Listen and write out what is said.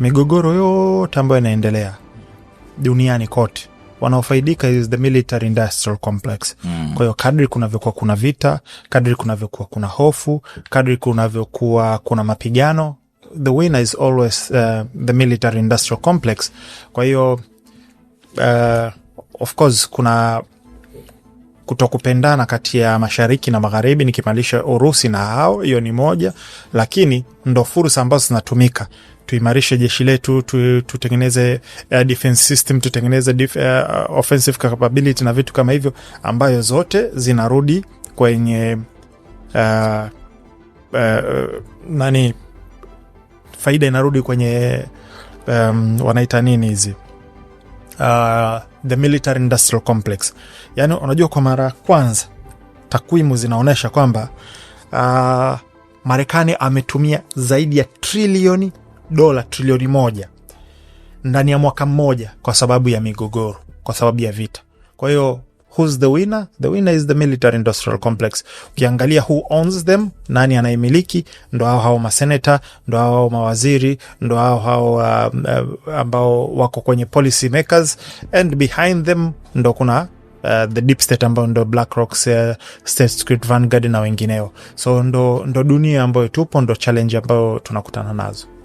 migogoro yote ambayo inaendelea duniani kote wanaofaidika is the military industrial complex. Mm. Kwa hiyo kadri kunavyokuwa kuna vita, kadri kunavyokuwa kuna hofu, kadri kunavyokuwa kuna mapigano, the winner is always uh, the military industrial complex. Kwa hiyo uh, of course kuna kutokupendana kati ya mashariki na magharibi, nikimaanisha Urusi na hao, hiyo ni moja, lakini ndo fursa ambazo zinatumika tuimarishe jeshi letu, tutengeneze uh, defense system, tutengeneze dif, uh, offensive capability na vitu kama hivyo, ambayo zote zinarudi kwenye uh, uh, nani, faida inarudi kwenye um, wanaita nini hizi uh, the military industrial complex. Yani unajua, kwa mara ya kwanza takwimu zinaonyesha kwamba uh, Marekani ametumia zaidi ya trilioni dola trilioni moja ndani ya mwaka mmoja kwa sababu ya migogoro, kwa sababu ya vita. Kwa hiyo Who's the winner? The winner is the military industrial complex. Ukiangalia who owns them, nani anaimiliki, ndo hao hao maseneta, ndo hao hao mawaziri, ndo hao hao uh, uh, ambao wako kwenye policy makers and behind them ndo kuna Uh, the deep state ambayo ndo BlackRock, uh, State Street, Vanguard na wengineo. So ndo, ndo dunia ambayo tupo, ndo challenge ambayo tunakutana nazo.